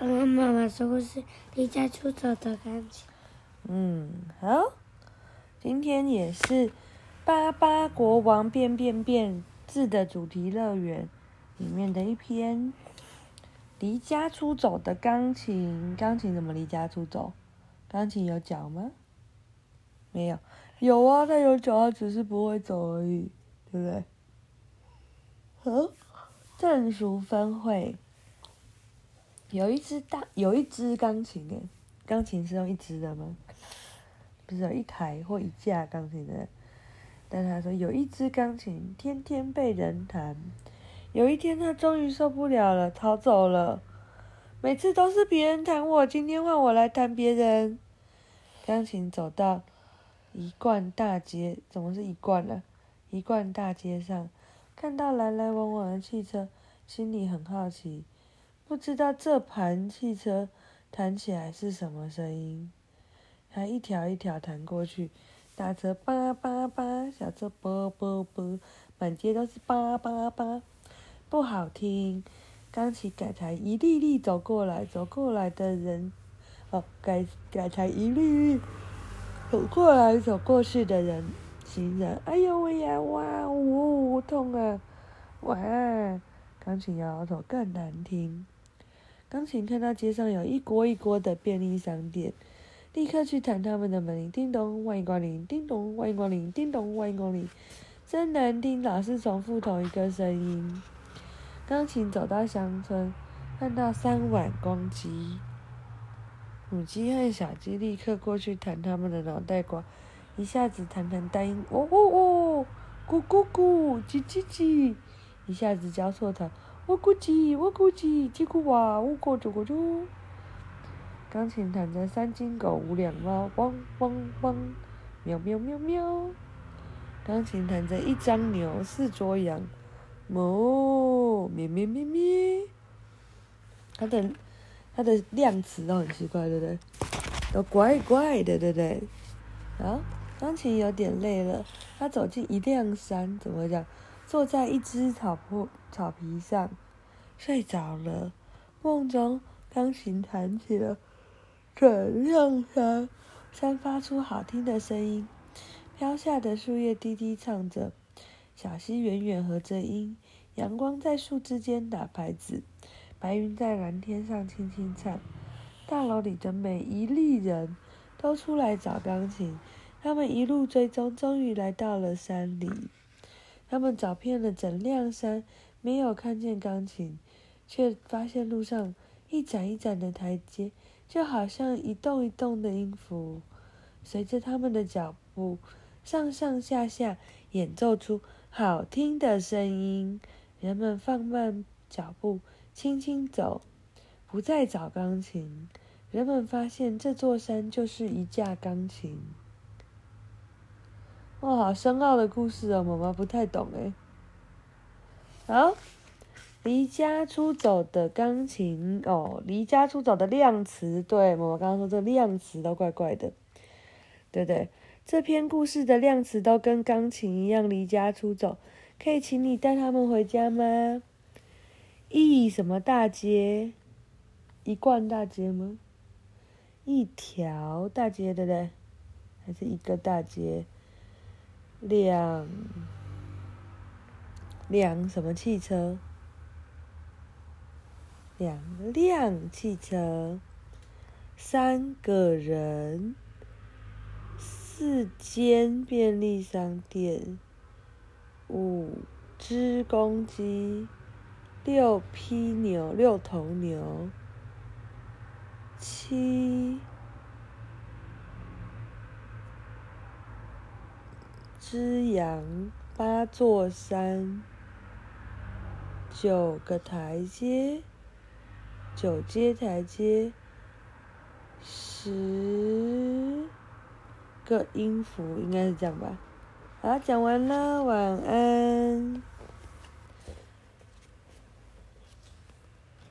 媽媽，媽媽說故事，《離家出走的鋼琴》。嗯，好，今天也是《巴巴國王變變變》字的主題樂園裡面的一篇《離家出走的鋼琴》。鋼琴怎麼離家出走？鋼琴有腳嗎？沒有，有啊，它有腳啊，只是不會走而已，對不對？好呵，鄭淑芬繪。有一隻大，有一隻鋼琴誒，鋼琴是用一隻的嗎？不是有一台或一架鋼琴的？但他說有一隻鋼琴，天天被人彈。有一天他終於受不了了，逃走了。每次都是別人彈我，今天換我來彈別人。鋼琴走到一冠大街，怎麼是一冠呢、啊？一冠大街上，看到來來往往的汽車，心裡很好奇。不知道這盤汽車彈起來是什麼聲音？它一條一條彈過去，大車叭叭叭，小車啵啵啵，滿街都是叭叭叭，不好聽。鋼琴改彈一粒粒走過來，走過來的人，哦，改改彈一粒粒走過來走過去的人，行人，哎呦喂呀，哇，我、哦哦、痛啊！哇，鋼琴搖搖頭，更難聽。鋼琴看到街上有一鍋一鍋的便利商店，立刻去彈他們的門鈴，叮咚，歡迎光臨，叮咚，歡迎光臨，叮咚，歡迎光臨。真難聽，老是重複同一個聲音。鋼琴走到鄉村，看到三碗公雞，母雞和小雞立刻過去彈他們的腦袋瓜，一下子彈彈單音，哦哦哦，咕咕咕，嘰嘰嘰，一下子交錯彈。我估計，我估計，這句話，五個豬個豬。鋼琴彈着三斤狗五兩貓，汪汪汪，喵喵喵喵。鋼琴彈着一張牛四桌羊，哞、哦，咩咩咩咩。它的它的量詞都很奇怪，對不對？都怪怪的，對不對？啊，鋼琴有點累了，它走進一輛山，怎麼講？坐在一隻草坡草皮上，睡着了。夢中，鋼琴彈起了轉向山，山發出好聽的聲音。飄下的樹葉滴滴唱着，小溪遠遠和着音。陽光在樹枝間打拍子，白雲在藍天上輕輕唱。大樓裡的每一粒人都出來找鋼琴，他們一路追蹤，終於來到了山裡。他們找遍了整座山，沒有看見鋼琴，卻發現路上一盞一盞的台階，就好像一動一動的音符，隨着他們的腳步上上下下演奏出好聽的聲音。人們放慢腳步，輕輕走，不再找鋼琴。人們發現這座山就是一架鋼琴。哇，好深奧的故事哦，媽媽不太懂誒。好，離家出走的鋼琴哦，離家出走的量詞，對，媽媽剛剛說這量詞都怪怪的，對不對？這篇故事的量詞都跟鋼琴一樣離家出走，可以請你帶他們回家嗎？一什麼大街？一冠大街嗎？一條大街，對不對？還是一個大街？兩兩什麼汽車？兩輛汽車，三個人，四間便利商店，五隻公雞，六匹牛，六頭牛，七隻羊八座山，九個台階，九階台階，十個音符，應該是這樣吧？好，講完了，晚安。